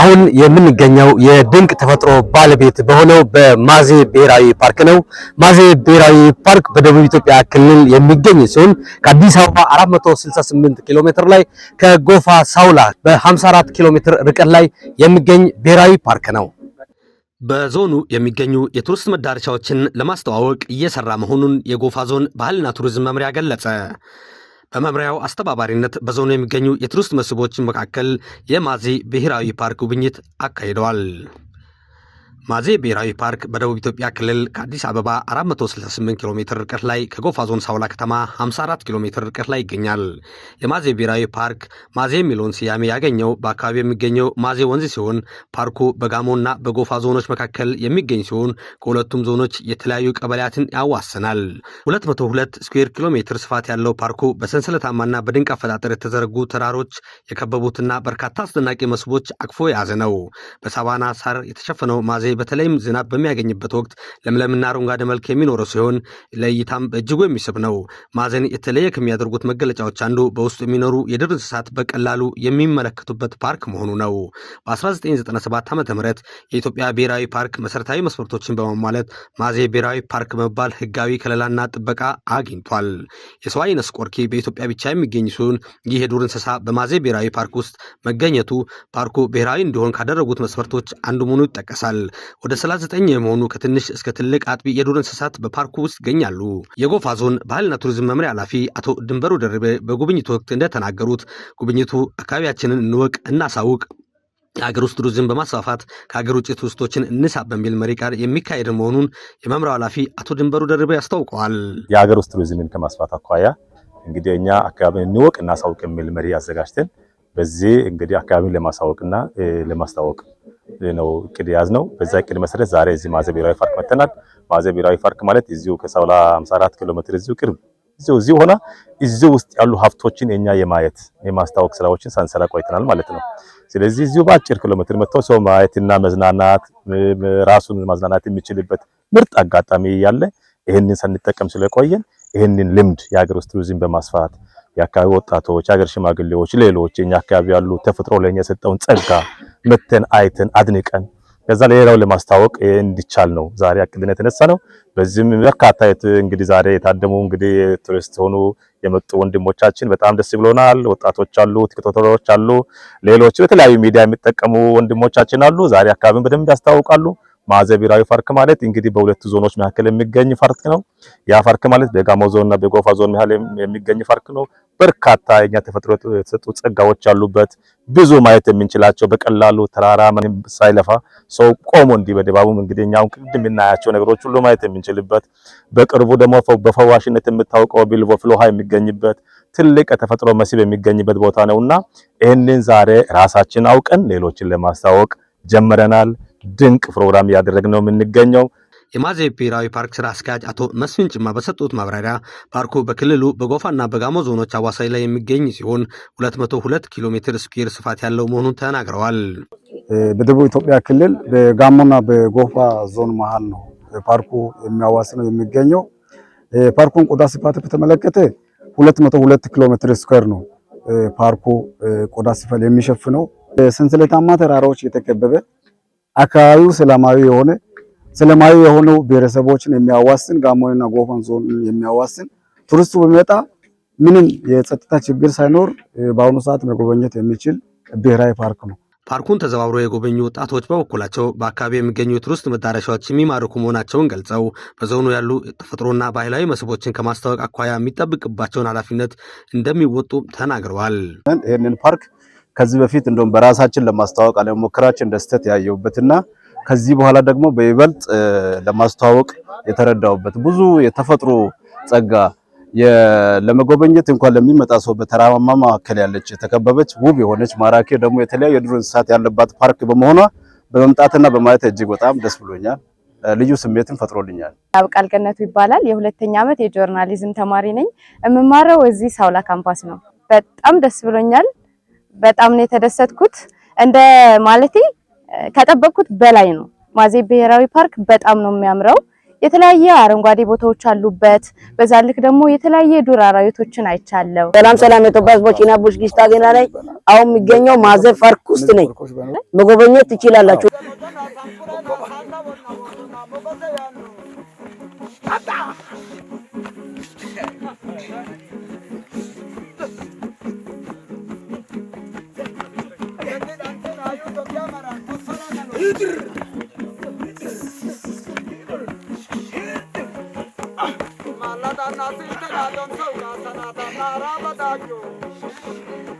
አሁን የምንገኘው የድንቅ ተፈጥሮ ባለቤት በሆነው በማዜ ብሔራዊ ፓርክ ነው። ማዜ ብሔራዊ ፓርክ በደቡብ ኢትዮጵያ ክልል የሚገኝ ሲሆን ከአዲስ አበባ 468 ኪሎ ሜትር ላይ ከጎፋ ሳውላ በ54 ኪሎ ሜትር ርቀት ላይ የሚገኝ ብሔራዊ ፓርክ ነው። በዞኑ የሚገኙ የቱሪስት መዳረሻዎችን ለማስተዋወቅ እየሰራ መሆኑን የጎፋ ዞን ባህልና ቱሪዝም መምሪያ ገለጸ። በመምሪያው አስተባባሪነት በዞኑ የሚገኙ የቱሪስት መስህቦች መካከል የማዚ ብሔራዊ ፓርክ ጉብኝት አካሂደዋል። ማዜ ብሔራዊ ፓርክ በደቡብ ኢትዮጵያ ክልል ከአዲስ አበባ 468 ኪሎ ሜትር ርቀት ላይ ከጎፋ ዞን ሳውላ ከተማ 54 ኪሎ ሜትር ርቀት ላይ ይገኛል። የማዜ ብሔራዊ ፓርክ ማዜ የሚለውን ስያሜ ያገኘው በአካባቢው የሚገኘው ማዜ ወንዝ ሲሆን ፓርኩ በጋሞና በጎፋ ዞኖች መካከል የሚገኝ ሲሆን ከሁለቱም ዞኖች የተለያዩ ቀበሌያትን ያዋስናል። 202 ስኩዌር ኪሎ ሜትር ስፋት ያለው ፓርኩ በሰንሰለታማና በድንቅ አፈጣጠር የተዘረጉ ተራሮች የከበቡትና በርካታ አስደናቂ መስህቦች አቅፎ የያዘ ነው። በሳቫና ሳር የተሸፈነው ማዜ በተለይም ዝናብ በሚያገኝበት ወቅት ለምለምና አረንጓዴ መልክ የሚኖረው ሲሆን ለእይታም በእጅጉ የሚስብ ነው። ማዘን የተለየ ከሚያደርጉት መገለጫዎች አንዱ በውስጡ የሚኖሩ የዱር እንስሳት በቀላሉ የሚመለከቱበት ፓርክ መሆኑ ነው። በ1997 ዓ ም የኢትዮጵያ ብሔራዊ ፓርክ መሠረታዊ መስፈርቶችን በማሟለት ማዜ ብሔራዊ ፓርክ በመባል ህጋዊ ከለላና ጥበቃ አግኝቷል። የሰው አይነ ስኮርኪ በኢትዮጵያ ብቻ የሚገኝ ሲሆን ይህ የዱር እንስሳ በማዜ ብሔራዊ ፓርክ ውስጥ መገኘቱ ፓርኩ ብሔራዊ እንዲሆን ካደረጉት መስፈርቶች አንዱ መሆኑ ይጠቀሳል። ወደ 39 የመሆኑ ከትንሽ እስከ ትልቅ አጥቢ የዱር እንስሳት በፓርኩ ውስጥ ይገኛሉ። የጎፋ ዞን ባህልና ቱሪዝም መምሪያ ኃላፊ አቶ ድንበሩ ደርቤ በጉብኝቱ ወቅት እንደተናገሩት ጉብኝቱ አካባቢያችንን እንወቅ፣ እናሳውቅ የሀገር ውስጥ ቱሪዝም በማስፋፋት ከሀገር ውጭ ቱሪስቶችን እንሳ በሚል መሪ ቃል የሚካሄድ መሆኑን የመምሪያው ኃላፊ አቶ ድንበሩ ደርቤ ያስታውቀዋል። የሀገር ውስጥ ቱሪዝምን ከማስፋት አኳያ እንግዲህ እኛ አካባቢን እንወቅ እናሳውቅ የሚል መሪ አዘጋጅተን በዚህ እንግዲህ አካባቢን ለማሳወቅና ለማስታወቅ ነው እቅድ ያዝ ነው። በዛ እቅድ መሰረት ዛሬ እዚህ ማዘ ብሔራዊ ፓርክ መተናል። ማዘ ብሔራዊ ፓርክ ማለት እዚሁ ከሰብላ 54 ኪሎ ሜትር እዚሁ ቅርብ እዚሁ እዚሁ ሆና እዚሁ ውስጥ ያሉ ሀብቶችን የኛ የማየት የማስታወቅ ስራዎችን ሳንሰራ ቆይተናል ማለት ነው። ስለዚህ እዚሁ በአጭር ኪሎ ሜትር መጥቶ ሰው ማየትና መዝናናት ራሱን ማዝናናት የሚችልበት ምርጥ አጋጣሚ እያለ ይህንን ሳንጠቀም ስለቆየን ይህንን ልምድ የሀገር ውስጥ ቱሪዝም በማስፋት የአካባቢ ወጣቶች፣ የሀገር ሽማግሌዎች፣ ሌሎች የኛ አካባቢ ያሉ ተፈጥሮ ለኛ የሰጠውን ጸጋ መተን አይተን አድንቀን ከዛ ለሌላው ለማስታወቅ እንዲቻል ነው ዛሬ አቅደን የተነሳ ነው። በዚህም በርካታ እንግዲህ ዛሬ የታደሙ እንግዲህ ቱሪስት ሆኑ የመጡ ወንድሞቻችን በጣም ደስ ብሎናል። ወጣቶች አሉ፣ ቲክቶከሮች አሉ፣ ሌሎች በተለያዩ ሚዲያ የሚጠቀሙ ወንድሞቻችን አሉ። ዛሬ አካባቢን በደንብ ያስታውቃሉ። ማዘብ ብሔራዊ ፓርክ ማለት እንግዲህ በሁለቱ ዞኖች መካከል የሚገኝ ፓርክ ነው። ያ ፓርክ ማለት በጋሞ ዞንና በጎፋ ዞን መካከል የሚገኝ ፓርክ ነው። በርካታ የኛ ተፈጥሮ የተሰጡ ጸጋዎች ያሉበት ብዙ ማየት የምንችላቸው በቀላሉ ተራራ ምንም ሳይለፋ ሰው ቆሞ እንዲህ በድባቡም እንግዲህ ቅድም የምናያቸው ነገሮች ሁሉ ማየት የምንችልበት በቅርቡ ደግሞ በፈዋሽነት የምታውቀው ቢልቦ ፍሎሃ የሚገኝበት ትልቅ የተፈጥሮ መስህብ የሚገኝበት ቦታ ነውና ይህንን ዛሬ ራሳችን አውቀን ሌሎችን ለማስተዋወቅ ጀምረናል። ድንቅ ፕሮግራም እያደረግን ነው የምንገኘው። የማዜ ብሔራዊ ፓርክ ስራ አስኪያጅ አቶ መስፍን ጭማ በሰጡት ማብራሪያ ፓርኩ በክልሉ በጎፋና በጋሞ ዞኖች አዋሳኝ ላይ የሚገኝ ሲሆን 202 ኪሎ ሜትር ስኩዌር ስፋት ያለው መሆኑን ተናግረዋል። በደቡብ ኢትዮጵያ ክልል በጋሞና በጎፋ ዞን መሀል ነው ፓርኩ የሚያዋስ ነው የሚገኘው። ፓርኩን ቆዳ ስፋት በተመለከተ 202 ኪሎ ሜትር ስኩዌር ነው ፓርኩ ቆዳ ስፋት የሚሸፍነው። ሰንሰለታማ ተራራዎች የተከበበ አካባቢው ሰላማዊ የሆነ ሰላማዊ የሆኑ ብሔረሰቦችን የሚያዋስን ጋሞንና ጎፋን ዞን የሚያዋስን ቱሪስቱ በሚመጣ ምንም የጸጥታ ችግር ሳይኖር በአሁኑ ሰዓት መጎበኘት የሚችል ብሔራዊ ፓርክ ነው። ፓርኩን ተዘዋውሮ የጎበኙ ወጣቶች በበኩላቸው በአካባቢ የሚገኙ የቱሪስት መዳረሻዎች የሚማርኩ መሆናቸውን ገልጸው በዞኑ ያሉ ተፈጥሮና ባህላዊ መስህቦችን ከማስታወቅ አኳያ የሚጠብቅባቸውን ኃላፊነት እንደሚወጡ ተናግረዋል። ይህንን ፓርክ ከዚህ በፊት እንደውም በራሳችን ለማስታወቅ አለመሞከራችን እንደ ስህተት ያየሁበትና ከዚህ በኋላ ደግሞ በይበልጥ ለማስተዋወቅ የተረዳውበት ብዙ የተፈጥሮ ጸጋ ለመጎበኘት እንኳን ለሚመጣ ሰው በተራማማ መካከል ያለች የተከበበች ውብ የሆነች ማራኪ ደግሞ የተለያዩ የዱር እንስሳት ያለባት ፓርክ በመሆኗ በመምጣትና በማየት እጅግ በጣም ደስ ብሎኛል። ልዩ ስሜትን ፈጥሮልኛል። አብቃል ገነቱ ይባላል። የሁለተኛ ዓመት የጆርናሊዝም ተማሪ ነኝ። የምማረው እዚህ ሳውላ ካምፓስ ነው። በጣም ደስ ብሎኛል። በጣም ነው የተደሰትኩት። እንደ ማለቴ ከጠበቅኩት በላይ ነው። ማዜ ብሔራዊ ፓርክ በጣም ነው የሚያምረው። የተለያየ አረንጓዴ ቦታዎች አሉበት። በዛ ልክ ደግሞ የተለያየ ዱር አራዊቶችን አይቻለሁ። ሰላም ሰላም፣ የኢትዮጵያ ሕዝቦች ቡሽ ጊስታ ዜና ላይ አሁን የሚገኘው ማዜ ፓርክ ውስጥ ነኝ። መጎበኘት ትችላላችሁ። Ah, Malladan nasıl işte adam savga sana adamlar arabada yok.